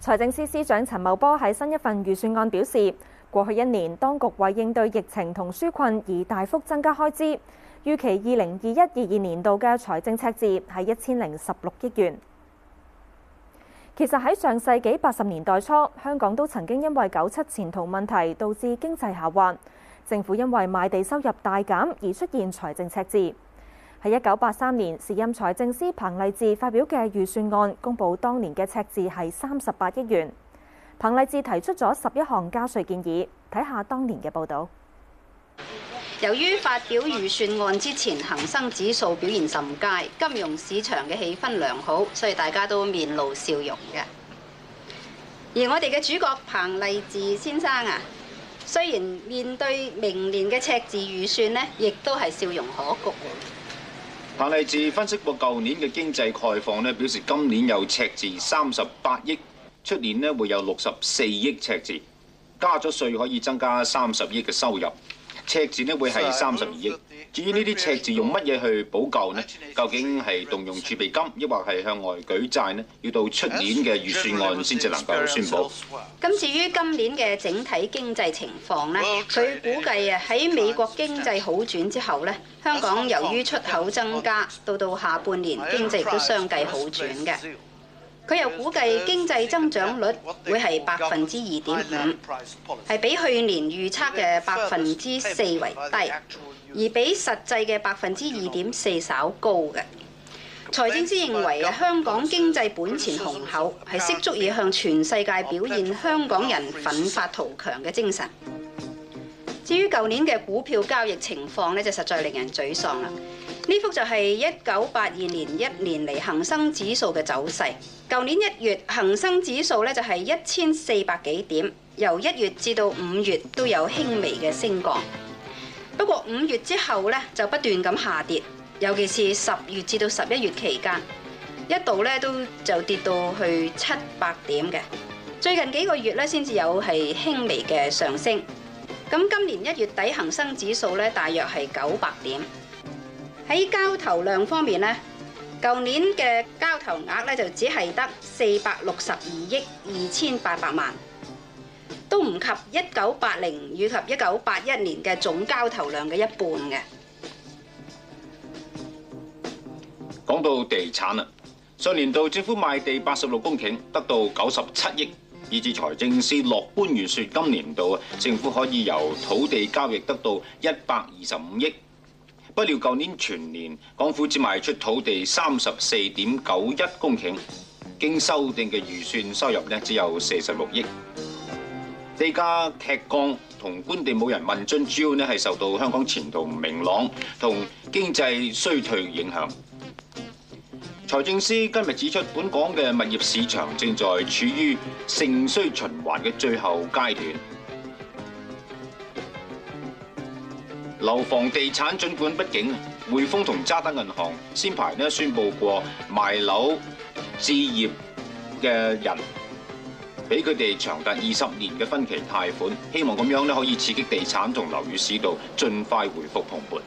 財政司司長陳茂波喺新一份預算案表示，過去一年當局為應對疫情同紓困而大幅增加開支，預期二零二一二二年度嘅財政赤字係一千零十六億元。其實喺上世紀八十年代初，香港都曾經因為九七前途問題導致經濟下滑，政府因為賣地收入大減而出現財政赤字。喺一九八三年，時任財政司彭勵治發表嘅預算案，公布當年嘅赤字係三十八億元。彭勵治提出咗十一項加稅建議，睇下當年嘅報導。由於發表預算案之前，恒生指數表現甚佳，金融市場嘅氣氛良好，所以大家都面露笑容嘅。而我哋嘅主角彭勵治先生啊，雖然面對明年嘅赤字預算呢，亦都係笑容可掬。彭勵治分析過舊年嘅經濟概況咧，表示今年有赤字三十八億，出年咧會有六十四億赤字，加咗稅可以增加三十億嘅收入。赤字呢會係三十二億。至於呢啲赤字用乜嘢去補救呢？究竟係動用儲備金，抑或係向外舉債呢？要到出年嘅預算案先至能夠宣佈。咁至於今年嘅整體經濟情況呢，佢估計啊喺美國經濟好轉之後呢，香港由於出口增加，到到下半年經濟亦都相繼好轉嘅。佢又估計經濟增長率會係百分之二點五，係比去年預測嘅百分之四為低，而比實際嘅百分之二點四稍高嘅。財政司認為啊，香港經濟本錢雄厚，係適足以向全世界表現香港人奮發圖強嘅精神。至於舊年嘅股票交易情況呢就實在令人沮喪啦。呢幅就係一九八二年一年嚟恒生指數嘅走勢。舊年一月恒生指數咧就係一千四百幾點，由一月至到五月都有輕微嘅升降。不過五月之後咧就不斷咁下跌，尤其是十月至到十一月期間，一度咧都就跌到去七百點嘅。最近幾個月咧先至有係輕微嘅上升。咁今年一月底恒生指數咧大約係九百點。喺交投量方面咧，舊年嘅交投額咧就只係得四百六十二億二千八百萬，都唔及一九八零以及一九八一年嘅總交投量嘅一半嘅。講到地產啦，上年度政府賣地八十六公頃，得到九十七億，以至財政司樂觀預說，今年度啊政府可以由土地交易得到一百二十五億。不料舊年全年港府只賣出土地三十四點九一公頃，經修訂嘅預算收入咧只有四十六億。地價劇降同官地冇人問津，主要咧係受到香港前途唔明朗同經濟衰退影響。財政司今日指出，本港嘅物業市場正在處於盛衰循環嘅最後階段。樓房地產儘管畢竟啊，匯豐同渣打銀行先排呢宣布過買樓置業嘅人俾佢哋長達二十年嘅分期貸款，希望咁樣呢可以刺激地產同樓宇市道盡快回復蓬勃。